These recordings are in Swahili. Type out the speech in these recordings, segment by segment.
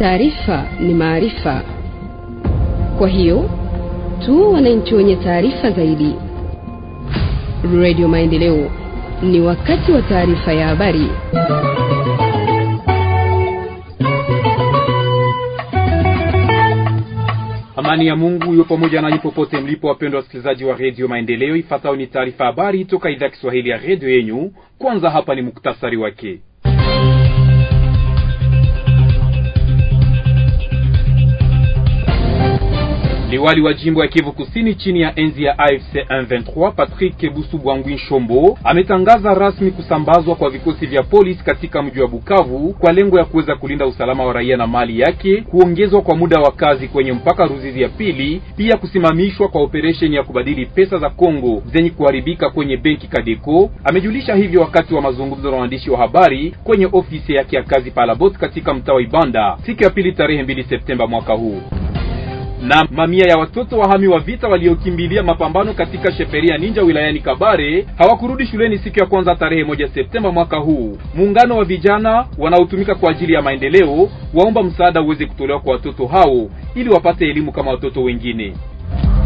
Taarifa ni maarifa, kwa hiyo tu wananchi wenye taarifa zaidi. Radio Maendeleo, ni wakati wa taarifa ya habari. Amani ya Mungu iwe pamoja nanyi popote mlipo, wapendwa wasikilizaji wa Redio Maendeleo. Ifuatayo ni taarifa habari toka idhaa ya Kiswahili ya redio yenyu. Kwanza hapa ni muktasari wake. Liwali wa jimbo ya Kivu Kusini chini ya enzi ya AFC M23 Patrick bwangwi Shombo ametangaza rasmi kusambazwa kwa vikosi vya polisi katika mji wa Bukavu kwa lengo ya kuweza kulinda usalama wa raia na mali yake, kuongezwa kwa muda wa kazi kwenye mpaka Ruzizi ya pili, pia kusimamishwa kwa operesheni ya kubadili pesa za Kongo zenye kuharibika kwenye benki Kadeko. Amejulisha hivyo wakati wa mazungumzo na waandishi wa habari kwenye ofisi yake ya kazi Palabot katika mtaa wa Ibanda siku ya pili tarehe 2 Septemba mwaka huu na mamia ya watoto wahami wa vita waliokimbilia mapambano katika Sheperia Ninja wilayani Kabare hawakurudi shuleni siku ya kwanza tarehe moja Septemba mwaka huu. Muungano wa vijana wanaotumika kwa ajili ya maendeleo waomba msaada uweze kutolewa kwa watoto hao ili wapate elimu kama watoto wengine.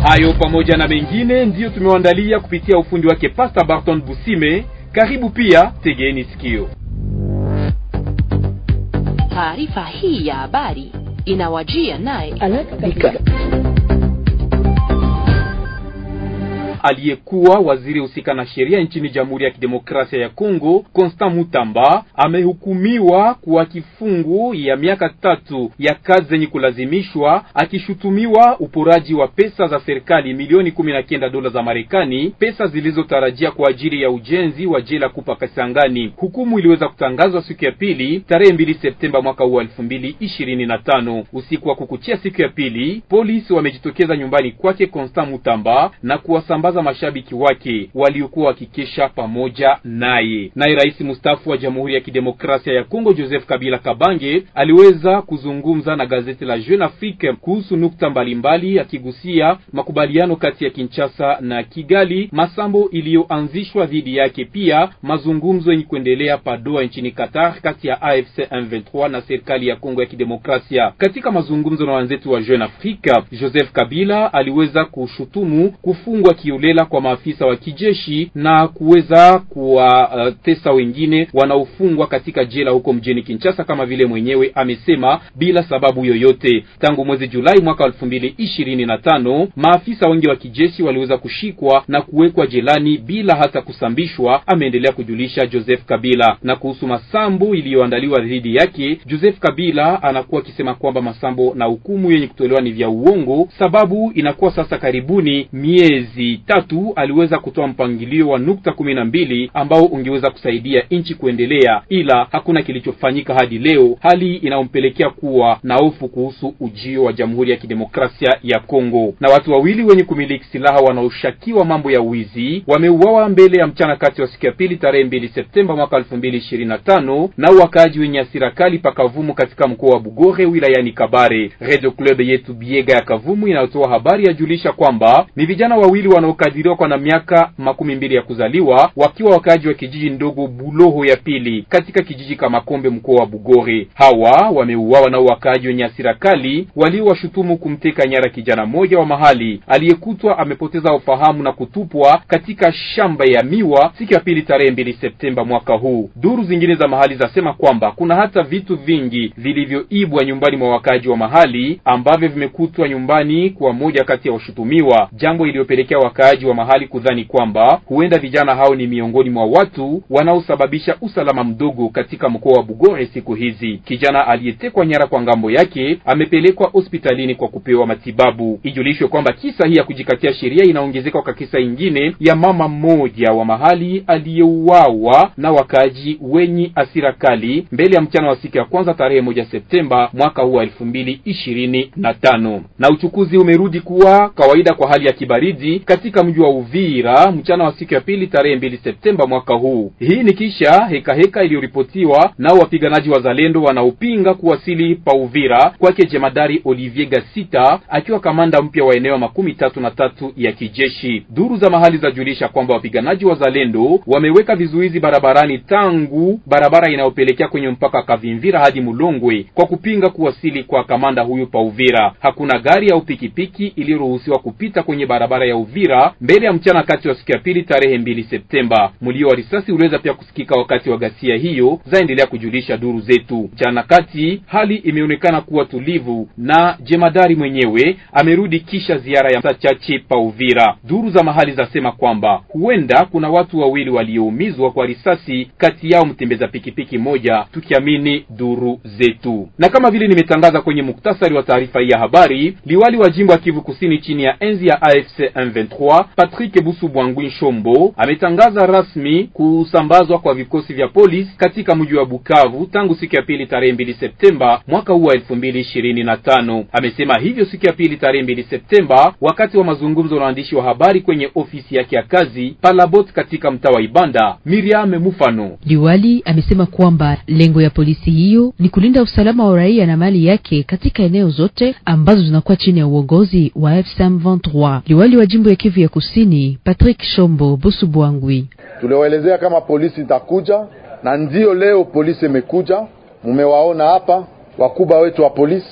Hayo pamoja na mengine ndiyo tumewaandalia kupitia ufundi wake Pasta Barton Busime. Karibu pia, tegeni sikio taarifa hii ya habari inawajia naye aliyekuwa waziri husika na sheria nchini Jamhuri ya Kidemokrasia ya Kongo, Constant Mutamba amehukumiwa kwa kifungu ya miaka tatu ya kazi zenye kulazimishwa, akishutumiwa uporaji wa pesa za serikali milioni kumi na kenda dola za Marekani, pesa zilizotarajia kwa ajili ya ujenzi wa jela kupa Kasangani. Hukumu iliweza kutangazwa siku ya pili tarehe mbili Septemba mwaka huu tano Usiku wa kukuchia siku ya pili, polisi wamejitokeza nyumbani kwake Constant Mutamba na kuwasambaza kuwashangaza mashabiki wake waliokuwa wakikesha pamoja naye. Naye rais mstaafu wa Jamhuri ya Kidemokrasia ya Kongo Joseph Kabila Kabange aliweza kuzungumza na gazeti la Jeune Afrique kuhusu nukta mbalimbali, akigusia makubaliano kati ya Kinshasa na Kigali, masambo iliyoanzishwa dhidi yake, pia mazungumzo yenye kuendelea Padoa nchini Qatar kati ya AFC M23 na serikali ya Kongo ya Kidemokrasia. Katika mazungumzo na wenzetu wa Jeune Afrique, Joseph Kabila aliweza kushutumu kufungwa kiolela Mandela kwa maafisa wa kijeshi na kuweza kuwatesa uh, wengine wanaofungwa katika jela huko mjini Kinshasa, kama vile mwenyewe amesema bila sababu yoyote. Tangu mwezi Julai mwaka elfu mbili ishirini na tano maafisa wengi wa kijeshi waliweza kushikwa na kuwekwa jelani bila hata kusambishwa, ameendelea kujulisha Joseph Kabila. Na kuhusu masambo iliyoandaliwa dhidi yake, Joseph Kabila anakuwa akisema kwamba masambo na hukumu yenye kutolewa ni vya uongo, sababu inakuwa sasa karibuni miezi tatu aliweza kutoa mpangilio wa nukta kumi na mbili ambao ungeweza kusaidia nchi kuendelea, ila hakuna kilichofanyika hadi leo, hali inayompelekea kuwa na hofu kuhusu ujio wa Jamhuri ya Kidemokrasia ya Kongo. Na watu wawili wenye kumiliki silaha wanaoshakiwa mambo ya wizi wameuawa mbele ya mchana kati wa siku ya pili tarehe mbili Septemba mwaka elfu mbili ishirini na tano na wakaaji wenye hasira kali pakavumu katika mkoa wa Bugore wilayani Kabare. Radio Club yetu Biega ya Kavumu inayotoa habari yajulisha kwamba ni vijana wawili wanao waliokadiriwa kwa na miaka makumi mbili ya kuzaliwa, wakiwa wakaaji wa kijiji ndogo Buloho ya pili katika kijiji Kamakombe, mkoa wa Bugore. Hawa wameuawa na wakaaji wenye hasira kali waliowashutumu kumteka nyara kijana mmoja wa mahali aliyekutwa amepoteza ufahamu na kutupwa katika shamba ya miwa siku ya pili tarehe mbili Septemba mwaka huu. Duru zingine za mahali zasema kwamba kuna hata vitu vingi vilivyoibwa nyumbani mwa wakaaji wa mahali ambavyo vimekutwa nyumbani kwa moja kati ya washutumiwa, jambo iliyopelekea wakaaji wakaaji wa mahali kudhani kwamba huenda vijana hao ni miongoni mwa watu wanaosababisha usalama mdogo katika mkoa wa Bugore siku hizi. Kijana aliyetekwa nyara kwa ngambo yake amepelekwa hospitalini kwa kupewa matibabu. Ijulishwe kwamba kisa hii ya kujikatia sheria inaongezeka kwa kisa ingine ya mama mmoja wa mahali aliyeuawa na wakaaji wenye asira kali mbele ya mchana wa siku ya kwanza tarehe moja Septemba mwaka huu wa elfu mbili ishirini na tano. Na uchukuzi umerudi kuwa kawaida kwa hali ya kibaridi katika katika mji wa Uvira mchana wa siku ya pili tarehe mbili Septemba mwaka huu. Hii ni kisha hekaheka iliyoripotiwa nao wapiganaji wa zalendo wanaopinga kuwasili pa Uvira kwake jemadari Olivier Gasita akiwa kamanda mpya wa eneo makumi tatu na tatu ya kijeshi. Duru za mahali zajulisha kwamba wapiganaji wa zalendo wameweka vizuizi barabarani tangu barabara inayopelekea kwenye mpaka Kavimvira hadi Mulongwe kwa kupinga kuwasili kwa kamanda huyu pa Uvira. Hakuna gari au pikipiki iliyoruhusiwa kupita kwenye barabara ya Uvira mbele ya mchana kati wa siku ya pili tarehe mbili Septemba. Mlio wa risasi uliweza pia kusikika wakati wa ghasia hiyo, zaendelea kujulisha duru zetu. Mchana kati hali imeonekana kuwa tulivu na jemadari mwenyewe amerudi kisha ziara ya saa chache pa Uvira. Duru za mahali zasema kwamba huenda kuna watu wawili walioumizwa kwa risasi, kati yao mtembeza pikipiki moja, tukiamini duru zetu. Na kama vile nimetangaza kwenye muktasari wa taarifa hii ya habari, liwali wa jimbo ya Kivu Kusini chini ya enzi ya AFC M23 Rwanda Patrick Ebusu Bwangu Nshombo ametangaza rasmi kusambazwa kwa vikosi vya polisi katika mji wa Bukavu tangu siku ya pili tarehe mbili Septemba mwaka huu wa tano Amesema hivyo siku ya pili tarehe mbili Septemba wakati wa mazungumzo na waandishi wa habari kwenye ofisi yake ya kazi Palabot katika mtaa wa Ibanda. Miriam Mufano Liwali amesema kwamba lengo ya polisi hiyo ni kulinda usalama wa raia na mali yake katika eneo zote ambazo zinakuwa chini ya uongozi wa M23. Liwali wa jimbo ya Kivu ya Kusini, Patrick Shombo Busubwangwi. Tuliwaelezea kama polisi itakuja na ndiyo leo polisi imekuja. Mumewaona hapa wakubwa wetu wa polisi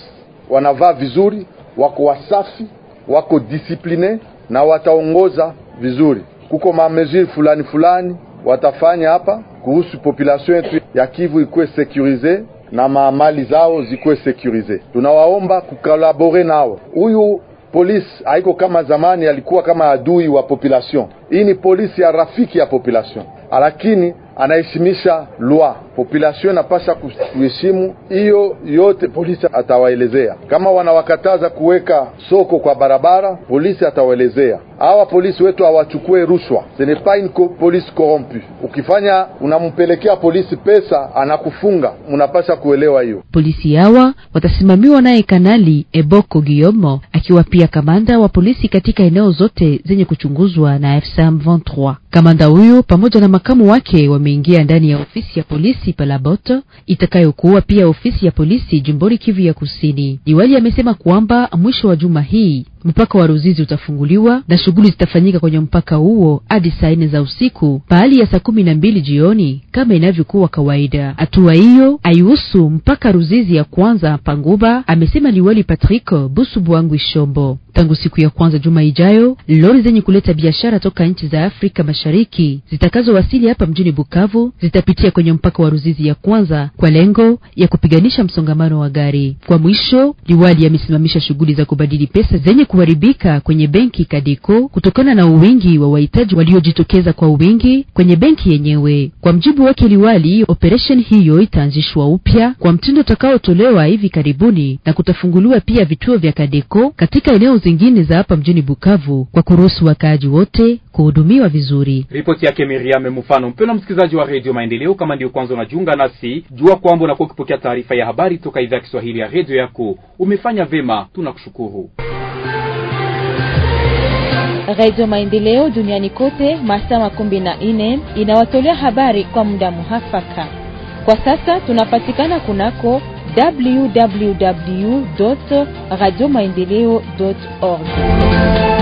wanavaa vizuri, wako wasafi, wako disipline na wataongoza vizuri. Kuko mamezuri fulani fulani watafanya hapa kuhusu population yetu ya Kivu ikuwe sekurize na maamali zao zikuwe sekurize. Tunawaomba kukolabore nao. Huyu polisi haiko kama zamani, alikuwa kama adui wa population. Hii ni polisi ya rafiki ya population, lakini anaheshimisha lwa population, inapasha kuheshimu hiyo yote. Polisi atawaelezea kama wanawakataza kuweka soko kwa barabara, polisi atawaelezea hawa polisi wetu hawachukue rushwa, ce n'est pas une police corrompue. Ukifanya unampelekea polisi pesa anakufunga, mnapasha kuelewa hiyo. Polisi hawa watasimamiwa naye Kanali Eboko giomo akiwa pia kamanda wa polisi katika eneo zote zenye kuchunguzwa na FSM 23. Kamanda huyo pamoja na makamu wake wameingia ndani ya ofisi ya polisi Palaboto itakayokuwa pia ofisi ya polisi jumbori Kivu ya Kusini. Diwali amesema kwamba mwisho wa juma hii mpaka wa Ruzizi utafunguliwa na shughuli zitafanyika kwenye mpaka huo hadi saa nne za usiku pahali ya saa kumi na mbili jioni kama inavyokuwa kawaida. Hatua hiyo haihusu mpaka Ruzizi ya kwanza Panguba, amesema Liwali Patrick Busubuangwi Shombo. Tangu siku ya kwanza juma ijayo, lori zenye kuleta biashara toka nchi za Afrika Mashariki zitakazowasili hapa mjini Bukavu zitapitia kwenye mpaka wa Ruzizi ya kwanza kwa lengo ya kupiganisha msongamano wa gari. Kwa mwisho, liwali amesimamisha shughuli za kubadili pesa zenye kuharibika kwenye benki Kadiko kutokana na uwingi wa wahitaji waliojitokeza kwa uwingi kwenye benki yenyewe. Kwa mjibu wake liwali, operesheni hiyo itaanzishwa upya kwa mtindo utakaotolewa hivi karibuni na kutafunguliwa pia vituo vya kadeko katika eneo zingine za hapa mjini Bukavu kwa kuruhusu wakaaji wote kuhudumiwa vizuri. Ripoti yake Miriam Mfano mpena Msikilizaji wa Redio Maendeleo, kama ndiyo kwanza unajiunga nasi, jua kwamba unakuwa ukipokea taarifa ya habari toka idhaa ya Kiswahili ya redio yako. Umefanya vema, tunakushukuru. Redio Maendeleo duniani kote masaa makumi na nne inawatolea habari kwa muda muhafaka. Kwa sasa tunapatikana kunako www radio org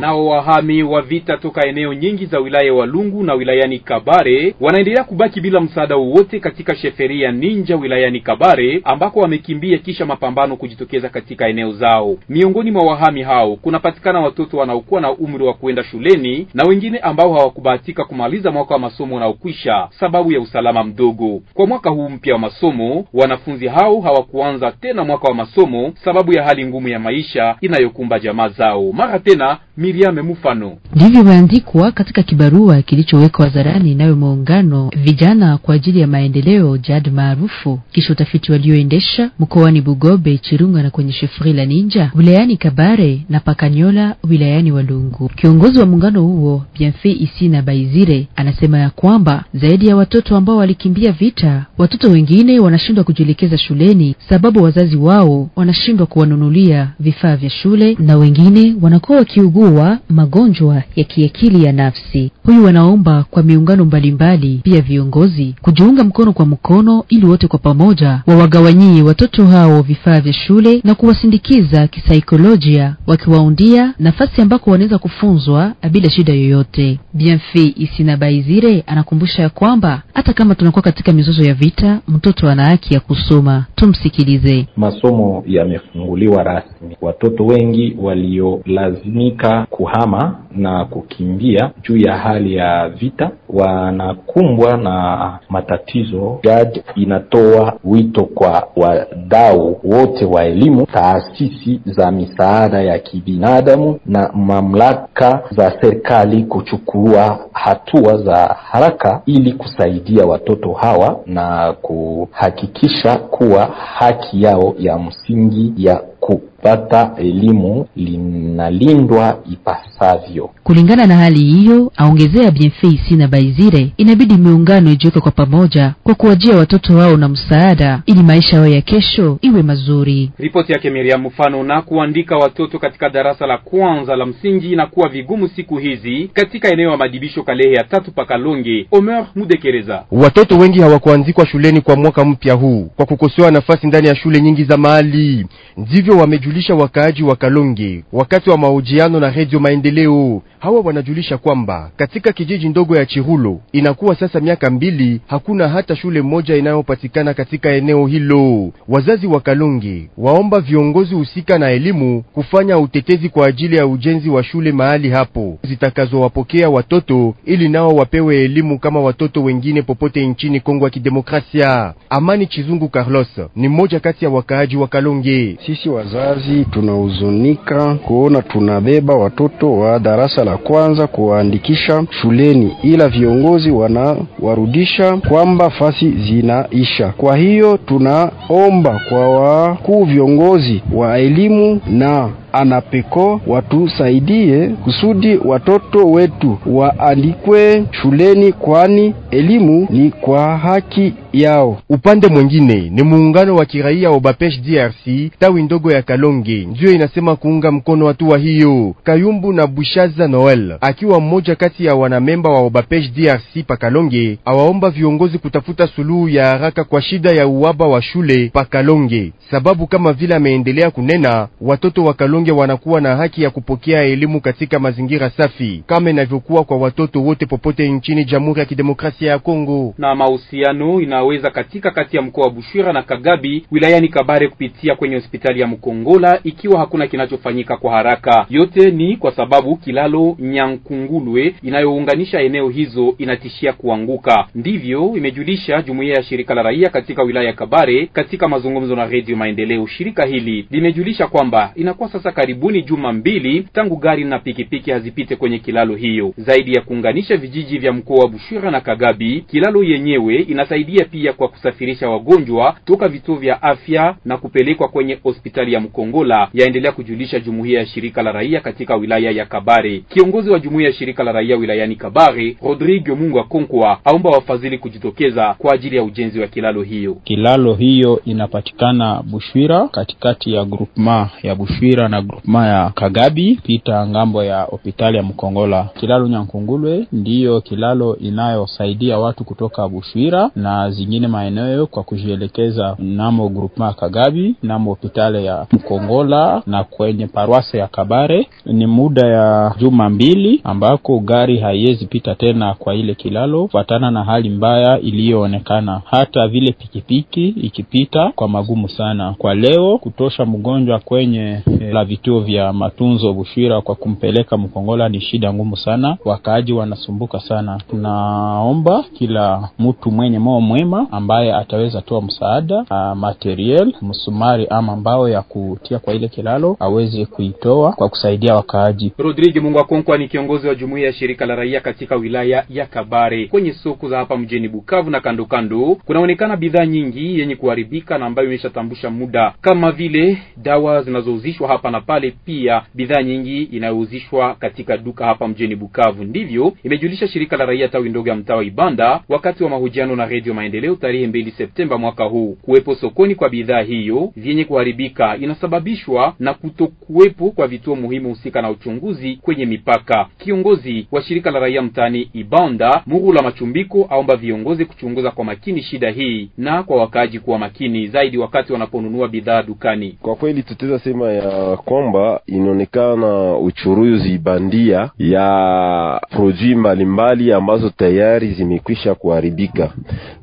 Nao wahami wa vita toka eneo nyingi za wilaya Walungu na wilayani Kabare wanaendelea kubaki bila msaada wowote katika sheferia Ninja wilayani Kabare ambako wamekimbia kisha mapambano kujitokeza katika eneo zao. Miongoni mwa wahami hao kunapatikana watoto wanaokuwa na umri wa kuenda shuleni na wengine ambao hawakubahatika kumaliza mwaka wa masomo unaokwisha sababu ya usalama mdogo. Kwa mwaka huu mpya wa masomo, wanafunzi hao hawakuanza tena mwaka wa masomo sababu ya hali ngumu ya maisha inayokumba jamaa zao. Mara tena Miriam Mufano. Ndivyo imeandikwa katika kibarua kilichowekwa hadharani nayo muungano vijana kwa ajili ya maendeleo JAD maarufu, kisha utafiti walioendesha mkoani Bugobe, Chirunga na kwenye shefuri la Ninja wilayani Kabare na Pakanyola wilayani Walungu. Kiongozi wa muungano huo Bienfait isi na Baizire anasema ya kwamba zaidi ya watoto ambao walikimbia vita, watoto wengine wanashindwa kujielekeza shuleni sababu wazazi wao wanashindwa kuwanunulia vifaa vya shule na wengine wanakuwa wakiugua kuwa magonjwa ya kiakili ya nafsi. Huyu wanaomba kwa miungano mbalimbali, pia viongozi kujiunga mkono kwa mkono, ili wote kwa pamoja wawagawanyie watoto hao vifaa vya shule na kuwasindikiza kisaikolojia, wakiwaundia nafasi ambako wanaweza kufunzwa bila shida yoyote. Bienfait Isinabaizire anakumbusha ya kwamba hata kama tunakuwa katika mizozo ya vita, mtoto ana haki ya kusoma. Tumsikilize. Masomo yamefunguliwa rasmi, watoto wengi waliolazimika kuhama na kukimbia juu ya hali ya vita, wanakumbwa na matatizo. GAD inatoa wito kwa wadau wote wa elimu, taasisi za misaada ya kibinadamu na mamlaka za serikali kuchukua hatua za haraka ili kusaidia watoto hawa na kuhakikisha kuwa haki yao ya msingi ya kupata elimu linalindwa ipasavyo. Kulingana na hali hiyo, aongezea Bienfeisi na Baizire, inabidi miungano ijiweke kwa pamoja kwa kuwajia watoto wao na msaada ili maisha yao ya kesho iwe mazuri. Ripoti yake Miriam Mfano. Na kuandika watoto katika darasa la kwanza la msingi na kuwa vigumu siku hizi katika eneo ya madibisho Kalehe ya tatu Pakalonge. Omer Mudekereza, watoto wengi hawakuanzikwa shuleni kwa mwaka mpya huu kwa kukosewa nafasi ndani ya shule nyingi za mahali ndivyo ndivyo wamejulisha wakaaji wa Kalonge wakati wa mahojiano na Redio Maendeleo. Hawa wanajulisha kwamba katika kijiji ndogo ya Chirulo inakuwa sasa miaka mbili hakuna hata shule moja inayopatikana katika eneo hilo. Wazazi wa Kalonge waomba viongozi husika na elimu kufanya utetezi kwa ajili ya ujenzi wa shule mahali hapo zitakazowapokea watoto ili nao wapewe elimu kama watoto wengine popote nchini Kongo ya Kidemokrasia. Amani Chizungu Carlos ni mmoja kati ya wakaaji wa Kalonge. Sisi wa wazazi tunahuzunika kuona tunabeba watoto wa darasa la kwanza kuwaandikisha shuleni, ila viongozi wanawarudisha kwamba fasi zinaisha. Kwa hiyo tunaomba kwa wakuu viongozi wa elimu na anapeko watusaidie kusudi watoto wetu waalikwe shuleni, kwani elimu ni kwa haki yao. Upande mwingine ni muungano wa kiraia Bapesh DRC tawi ndogo ya Kalonge ndiyo inasema kuunga mkono hatua hiyo. Kayumbu na Bushaza Noel akiwa mmoja kati ya wanamemba wa Bapesh DRC pa Kalonge awaomba viongozi kutafuta suluhu ya haraka kwa shida ya uwaba wa shule pa Kalonge, sababu kama vile ameendelea kunena watoto wa Kalonge wanyonge wanakuwa na haki ya kupokea elimu katika mazingira safi kama inavyokuwa kwa watoto wote popote nchini Jamhuri ya Kidemokrasia ya Kongo. Na mahusiano inaweza katika kati ya mkoa wa Bushwira na Kagabi wilayani Kabare kupitia kwenye hospitali ya Mkongola, ikiwa hakuna kinachofanyika kwa haraka. Yote ni kwa sababu kilalo Nyankungulwe inayounganisha eneo hizo inatishia kuanguka, ndivyo imejulisha jumuiya ya shirika la raia katika wilaya ya Kabare katika mazungumzo na Radio Maendeleo. Shirika hili limejulisha kwamba inakuwa sasa sasa karibuni juma mbili tangu gari na pikipiki hazipite kwenye kilalo hiyo. Zaidi ya kuunganisha vijiji vya mkoa wa Bushira na Kagabi, kilalo yenyewe inasaidia pia kwa kusafirisha wagonjwa toka vituo vya afya na kupelekwa kwenye hospitali ya Mkongola, yaendelea kujulisha jumuiya ya shirika la raia katika wilaya ya Kabare. Kiongozi wa jumuiya ya shirika la raia wilayani Kabare, Rodrigo Mungwa Konkwa, aomba wafadhili kujitokeza kwa ajili ya ujenzi wa kilalo hiyo. Kilalo hiyo inapatikana Bushwira katikati ya groupement ya Bushwira na grupema ya Kagabi pita ngambo ya hopitali ya Mkongola. Kilalo Nyankungulwe ndiyo kilalo inayosaidia watu kutoka Bushwira na zingine maeneo kwa kujielekeza namo grupema ya Kagabi namo hopitali ya Mkongola na kwenye parwase ya Kabare. Ni muda ya juma mbili ambako gari haiwezi pita tena kwa ile kilalo kufuatana na hali mbaya iliyoonekana. Hata vile pikipiki ikipita kwa magumu sana. Kwa leo kutosha mgonjwa kwenye eh, la vituo vya matunzo Bushwira, kwa kumpeleka Mkongola ni shida ngumu sana, wakaaji wanasumbuka sana. Tunaomba kila mtu mwenye moyo mwema ambaye ataweza toa msaada a, materiel, msumari ama mbao ya kutia kwa ile kilalo aweze kuitoa kwa kusaidia wakaaji. Rodrigue Mungwakonkwa ni kiongozi wa jumuiya ya shirika la raia katika wilaya ya Kabare. Kwenye soko za hapa mjini Bukavu na kando kando kunaonekana bidhaa nyingi yenye kuharibika na ambayo imeshatambusha muda kama vile dawa zinazouzishwa hapa na pale pia bidhaa nyingi inayouzishwa katika duka hapa mjini Bukavu. Ndivyo imejulisha shirika la raia tawi ndogo ya mtaa wa Ibanda wakati wa mahojiano na Redio Maendeleo tarehe mbili Septemba mwaka huu. Kuwepo sokoni kwa bidhaa hiyo vyenye kuharibika inasababishwa na kutokuwepo kwa vituo muhimu husika na uchunguzi kwenye mipaka. Kiongozi wa shirika la raia mtaani Ibanda, Murula Machumbiko, aomba viongozi kuchunguza kwa makini shida hii na kwa wakaaji kuwa makini zaidi wakati wanaponunua bidhaa dukani. Kwa kweli tutaweza sema ya kwamba inaonekana uchuruzi bandia ya produit mbalimbali ambazo tayari zimekwisha kuharibika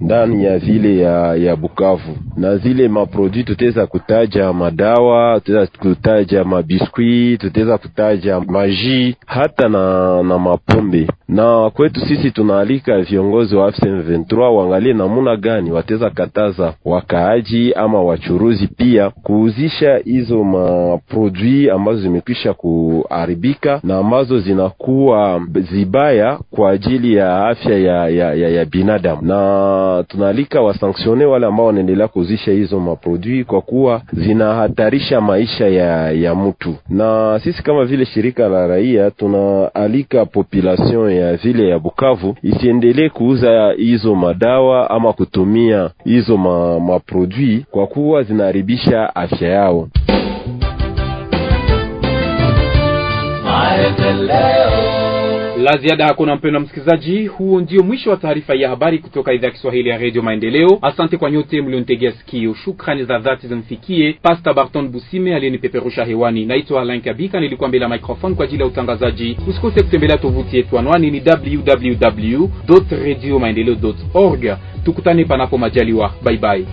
ndani ya vile ya, ya Bukavu, na zile maprodui tutaweza kutaja madawa, tutaweza kutaja mabiskuit tutaweza kutaja maji hata na, na mapombe. Na kwetu sisi tunaalika viongozi wa M23 waangalie namuna gani wataweza kataza wakaaji ama wachuruzi pia kuuzisha hizo maproduit produits ambazo zimekwisha kuharibika na ambazo zinakuwa zibaya kwa ajili ya afya ya, ya, ya, ya binadamu, na tunaalika wasanksione wale ambao wanaendelea kuuzisha hizo maprodui kwa kuwa zinahatarisha maisha ya, ya mtu. Na sisi kama vile shirika la raia tunaalika population ya vile ya Bukavu isiendelee kuuza hizo madawa ama kutumia hizo maprodui ma kwa kuwa zinaharibisha afya yao. La ziada hakuna, mpendwa msikilizaji. Huo ndio mwisho wa taarifa ya habari kutoka idhaa ya Kiswahili ya redio Maendeleo. Asante kwa nyote mliontegea sikio. Shukrani za dhati zimfikie Pasta Barton Busime aliyenipeperusha hewani. Naitwa alan Kabika, nilikuwa mbele ya microfone kwa ajili ya utangazaji. Usikose kutembelea tovuti yetu, anwani ni www radio maendeleo org. Tukutane panapo majaliwa, baibai.